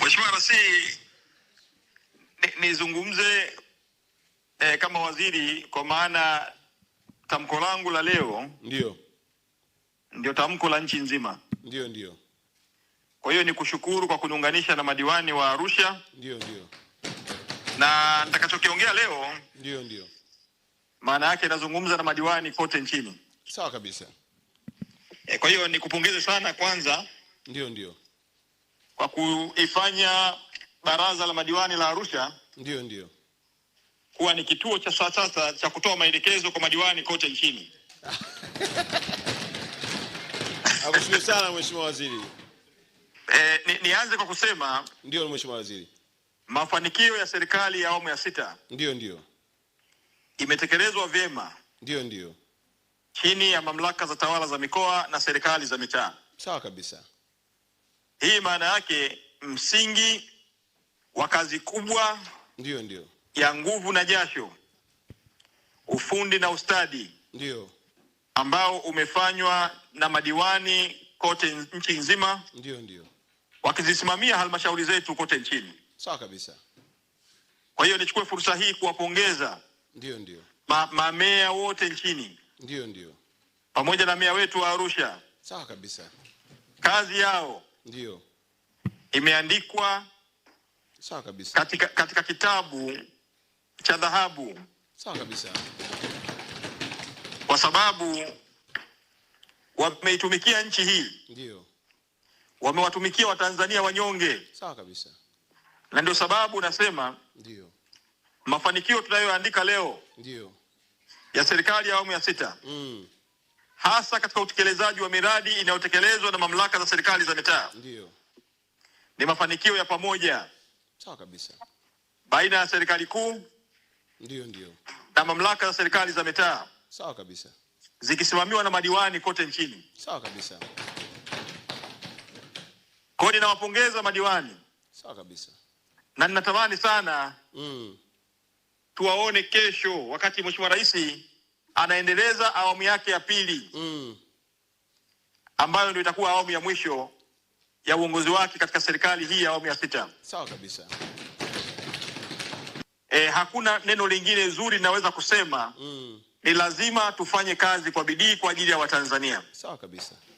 Mheshimiwa rasi nizungumze eh, kama waziri kwa maana tamko langu la leo ndio ndio tamko la nchi nzima. Ndio, ndio. Kwa hiyo ni kushukuru kwa kuniunganisha na madiwani wa Arusha. Ndio, ndio. Na nitakachokiongea leo ndio, ndio. Maana yake nazungumza na madiwani kote nchini. Sawa kabisa. Eh, kwa hiyo nikupongeze sana kwanza. Ndio, ndio kwa kuifanya baraza la madiwani la Arusha ndio ndio kuwa ni kituo cha sasa cha kutoa maelekezo kwa madiwani kote nchini. Nakushukuru sana Mheshimiwa Waziri. Eh, ni, nianze kwa kusema ndio Mheshimiwa Waziri, mafanikio ya serikali ya awamu ya sita ndio ndio imetekelezwa vyema ndio ndio chini ya mamlaka za tawala za mikoa na serikali za mitaa. Sawa kabisa. Hii maana yake msingi wa kazi kubwa ndio ndio ya nguvu na jasho, ufundi na ustadi ndio ambao umefanywa na madiwani kote nchi nzima, ndio ndio wakizisimamia halmashauri zetu kote nchini. Sawa kabisa. Kwa hiyo nichukue fursa hii kuwapongeza ndio ndio ma mamea wote nchini ndio ndio pamoja na meya wetu wa Arusha. Sawa kabisa. Kazi yao ndio. Imeandikwa sawa kabisa. Katika, katika kitabu cha dhahabu. Sawa kabisa. Kwa sababu wameitumikia nchi hii. Ndio. Wamewatumikia Watanzania wanyonge. Sawa kabisa. Na ndio sababu nasema ndio. Mafanikio tunayoandika leo ndio ya serikali ya awamu ya sita mm hasa katika utekelezaji wa miradi inayotekelezwa na mamlaka za serikali za mitaa. Ndio. Ni mafanikio ya pamoja. Sawa kabisa. Baina ya serikali kuu ndio ndio na mamlaka za serikali za mitaa. Sawa kabisa. Zikisimamiwa na madiwani kote nchini. Sawa kabisa. Kodi na ninawapongeza madiwani. Sawa kabisa. Na ninatamani sana mm. tuwaone kesho wakati Mheshimiwa Rais anaendeleza awamu yake ya pili mm. ambayo ndio itakuwa awamu ya mwisho ya uongozi wake katika serikali hii ya awamu ya sita. Sawa kabisa. E, hakuna neno lingine zuri naweza kusema mm. Ni lazima tufanye kazi kwa bidii kwa ajili ya Watanzania. Sawa kabisa.